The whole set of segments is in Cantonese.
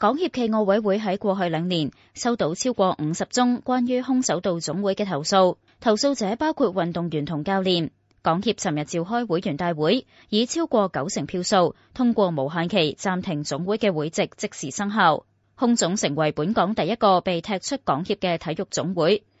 港協暨奧委會喺過去兩年收到超過五十宗關於空手道總會嘅投訴，投訴者包括運動員同教練。港協尋日召開會員大會，以超過九成票數通過無限期暫停總會嘅會籍，即時生效，空總成為本港第一個被踢出港協嘅體育總會。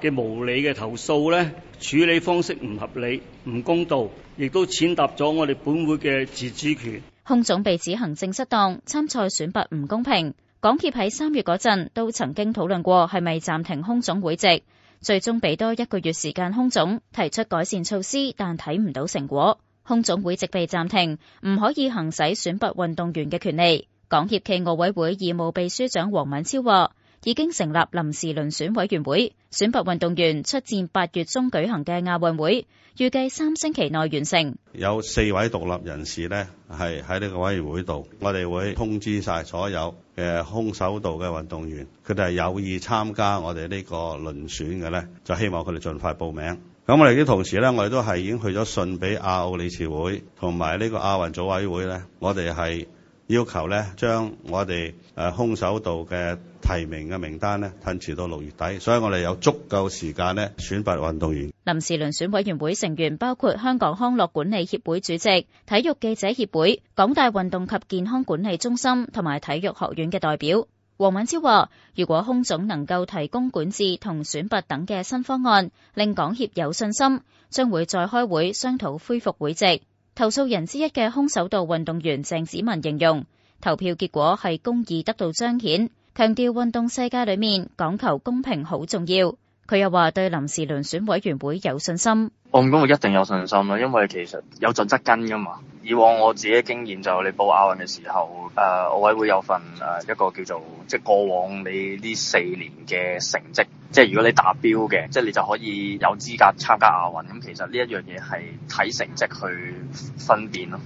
嘅無理嘅投訴咧，處理方式唔合理、唔公道，亦都踐踏咗我哋本會嘅自主權。空總被指行政失當、參賽選拔唔公平，港協喺三月嗰陣都曾經討論過係咪暫停空總會籍，最終俾多一個月時間空總提出改善措施，但睇唔到成果，空總會籍被暫停，唔可以行使選拔運動員嘅權利。港協暨奧委會義務秘書長黃敏超話。已經成立臨時遴選委員會，選拔運動員出戰八月中舉行嘅亞運會，預計三星期內完成。有四位獨立人士呢係喺呢個委員會度，我哋會通知晒所有嘅空手道嘅運動員，佢哋係有意參加我哋呢個遴選嘅呢，就希望佢哋盡快報名。咁我哋啲同事呢，我哋都係已經去咗信俾亞奧理事會同埋呢個亞運組委會呢，我哋係，要求呢將我哋空手道嘅提名嘅名單呢，延遲到六月底，所以我哋有足夠時間呢選拔運動員。臨時遴選委員會成員包括香港康樂管理協會主席、體育記者協會、港大運動及健康管理中心同埋體育學院嘅代表。黃敏超話，如果空總能夠提供管治同選拔等嘅新方案，令港協有信心，將會再開會商討恢復會籍。投訴人之一嘅空手道運動員鄭子文形容投票結果係公義得到彰顯，強調運動世界裏面講求公平好重要。佢又話對臨時遴選委員會有信心，我唔覺得一定有信心啦，因為其實有準則跟㗎嘛。以往我自己經驗就係你報亞運嘅時候，誒，奧委會有份誒一個叫做即過往你呢四年嘅成績。即係如果你達標嘅，即係你就可以有資格參加亞運。咁其實呢一樣嘢係睇成績去分辨咯，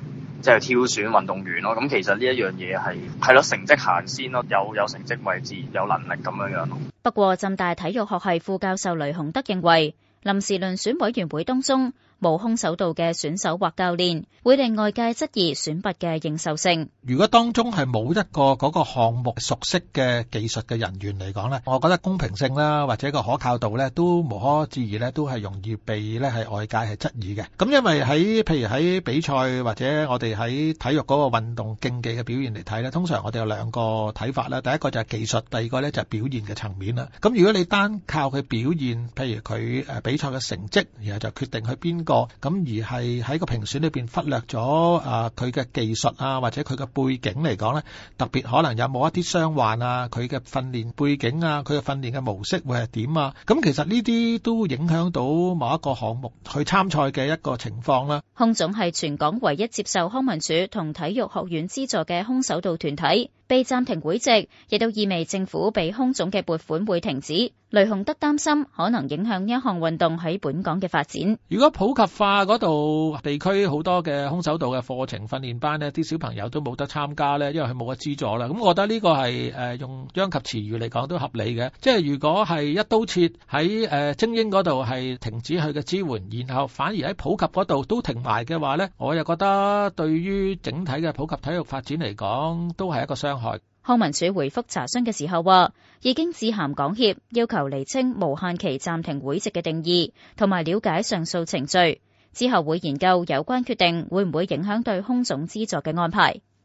即係挑選運動員咯。咁其實呢一樣嘢係係咯成績行先咯，有有成績位置，有能力咁樣樣。不過浸大體育學系副教授雷雄德認為，臨時遴選委員會當中，無空手道嘅選手或教練，會令外界質疑選拔嘅認受性。如果當中係冇一個嗰個項目熟悉嘅技術嘅人員嚟講咧，我覺得公平性啦，或者個可靠度咧，都無可置疑咧，都係容易被咧係外界係質疑嘅。咁因為喺譬如喺比賽或者我哋喺體育嗰個運動競技嘅表現嚟睇咧，通常我哋有兩個睇法啦。第一個就係技術，第二個咧就係表現嘅層面啦。咁如果你單靠佢表現，譬如佢誒比賽嘅成績，然後就決定去邊個。個咁，而係喺個評選裏邊忽略咗啊佢嘅技術啊或者佢嘅背景嚟講咧，特別可能有冇一啲傷患啊佢嘅訓練背景啊佢嘅訓練嘅模式會係點啊，咁其實呢啲都影響到某一個項目去參賽嘅一個情況啦。空總係全港唯一接受康文署同體育學院資助嘅空手道團體。被暫停會籍，亦都意味政府被空總嘅撥款會停止。雷洪德擔心可能影響呢一項運動喺本港嘅發展。如果普及化嗰度地區好多嘅空手道嘅課程訓練班呢，啲小朋友都冇得參加呢，因為佢冇個資助啦。咁我覺得呢個係誒、呃、用殃及池魚嚟講都合理嘅。即係如果係一刀切喺誒、呃、精英嗰度係停止佢嘅支援，然後反而喺普及嗰度都停埋嘅話呢，我又覺得對於整體嘅普及體育發展嚟講，都係一個傷。康文署回覆查詢嘅時候話，已經致函港協，要求釐清無限期暫停會籍嘅定義，同埋了解上訴程序，之後會研究有關決定會唔會影響對空總資助嘅安排。